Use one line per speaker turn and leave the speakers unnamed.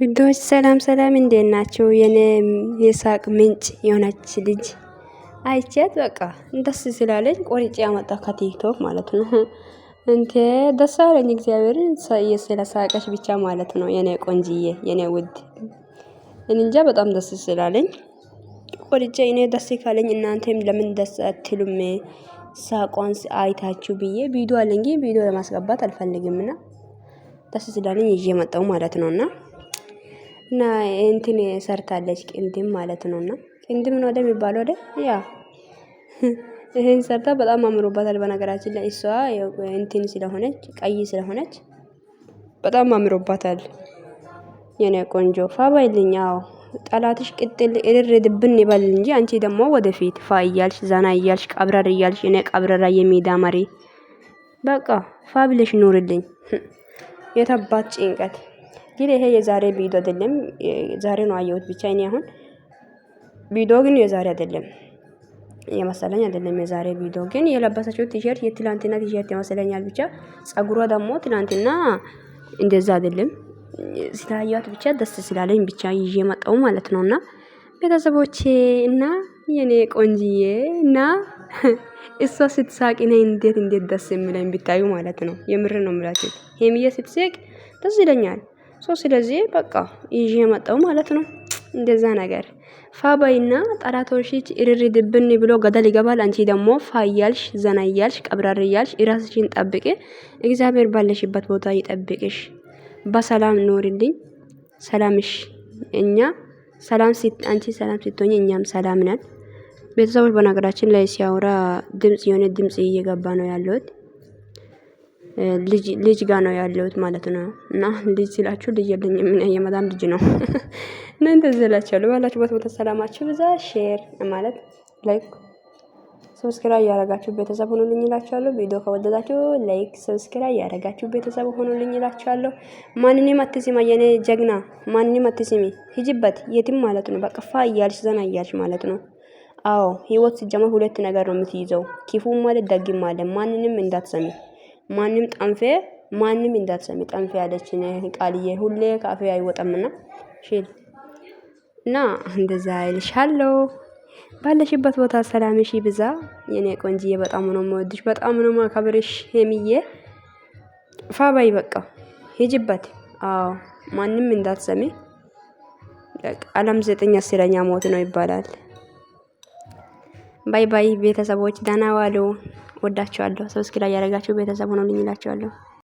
ውዶች ሰላም ሰላም፣ እንዴት ናቸው? የኔ የሳቅ ምንጭ የሆነች ልጅ አይቼት በቃ ደስ ስላለኝ ቆርጬ ያመጣ ከቲክቶክ ማለት ነው። እንቴ ደስ አለኝ እግዚአብሔርን ስለሳቀች ብቻ ማለት ነው። የኔ ቆንጅዬ፣ የኔ ውድ፣ እንጃ በጣም ደስ ስላለኝ ቆርጬ። እኔ ደስ ካለኝ እናንተም ለምን ደስ አትሉም? ሳቋን አይታችሁ ብዬ ቪዲዮ አለኝ። ቪዲዮ ለማስገባት አልፈልግምና ደስ ስላለኝ ይዤ መጣሁ ማለት ነውና እና እንትን ሰርታለች ቅንድም ማለት ነው። እና ቅንድም ነው ወደ የሚባለው ወደ ያ ይህን ሰርታ በጣም አምሮባታል። በነገራችን ላይ እሷ እንትን ስለሆነች ቀይ ስለሆነች በጣም አምሮባታል። የኔ ቆንጆ ፋባይልኛው ጠላትሽ ቅጥል እድር ድብን ይበል እንጂ አንቺ ደግሞ ወደፊት ፋ እያልሽ ዛና እያልሽ ቀብረር እያልሽ እኔ ቀብረራ የሜዳ መሪ በቃ ፋብለሽ ኑርልኝ። የተባት ጭንቀት ግን ይሄ የዛሬ ቪዲዮ አይደለም። ዛሬ ነው አየሁት ብቻ። እኔ አሁን ቪዲዮ ግን የዛሬ አይደለም የመሰለኝ አይደለም። የዛሬ ቪዲዮ ግን የለበሰችው ቲሸርት የትላንትና ቲሸርት ይመስለኛል። ብቻ ጸጉሯ ደግሞ ትላንትና እንደዛ አይደለም። ስላየኋት ብቻ ደስ ስላለኝ ብቻ ይዤ መጣሁ ማለት ነውና ቤተሰቦቼ እና የኔ ቆንጅዬ እና እሷ ስትሳቅ እኔ እንዴት እንዴት ደስ የሚለኝ ብታዩ ማለት ነው። የምር ነው የምላችሁ ሄምዬ ስትስቅ ደስ ይለኛል። ሶ ስለዚህ በቃ ይዤ የመጣው ማለት ነው። እንደዛ ነገር ፋባይና ጠላቶችሽ እርር ድብን ብሎ ገደል ይገባል። አንቺ ደግሞ ፋያልሽ፣ ዘናያልሽ፣ ቀብራርያልሽ ራስሽን ጠብቂ። እግዚአብሔር ባለሽበት ቦታ ይጠብቅሽ። በሰላም ኖርልኝ። ሰላምሽ እኛ ሰላም ሲት አንቺ ሰላም ስትሆኝ እኛም ሰላም ነን። ቤተሰቦች በነገራችን ላይ ሲያወራ ድምጽ የሆነ ድምጽ እየገባ ነው ያለሁት። ልጅ ጋር ነው ያለሁት ማለት ነው። እና ልጅ ሲላችሁ ልጅ የለኝ የለኝም የመዳም ልጅ ነው። እና እንደዚህ እላችኋለሁ። ባላችሁበት ቦታ ሰላማችሁ ብዛ። ሼር ማለት ላይክ ሰብስክራይብ ያደረጋችሁ ቤተሰብ ሆኑልኝ እላችኋለሁ። ቪዲዮ ከወደዳችሁ ላይክ ሰብስክራይብ ያደረጋችሁ ቤተሰብ ሆኑልኝ እላችኋለሁ። ማንንም አትስሚ የኔ ጀግና፣ ማንንም አትስሚ። ሂጅበት የትም ማለት ነው። በቀፋ እያልሽ ዘና እያልሽ ማለት ነው። አዎ ህይወት ሲጀመር ሁለት ነገር ነው የምትይዘው፣ ክፉም ማለት ደግም ማለት ማንንም እንዳትሰሚ። ማንም ጠንፌ ማንም እንዳትሰሚ ጠንፌ ያለችን ቃልዬ ሁሌ ካፌ አይወጣምና ሽል እና እንደዛ አይልሻለሁ። ባለሽበት ቦታ ሰላምሽ ይብዛ የኔ ቆንጂዬ። በጣም ነው የምወድሽ፣ በጣም ነው ማከብርሽ። ሄሚዬ ፋባይ በቃ ሂጅበት። አዎ ማንም እንዳትሰሚ። አለም ዘጠኝ አስረኛ ሞት ነው ይባላል። ባይ ባይ ቤተሰቦች፣ ደህና ዋሉ። ወዳችኋለሁ። ሰብስክራይብ ያደረጋችሁ ቤተሰብ ሆኖልኝ እላችኋለሁ።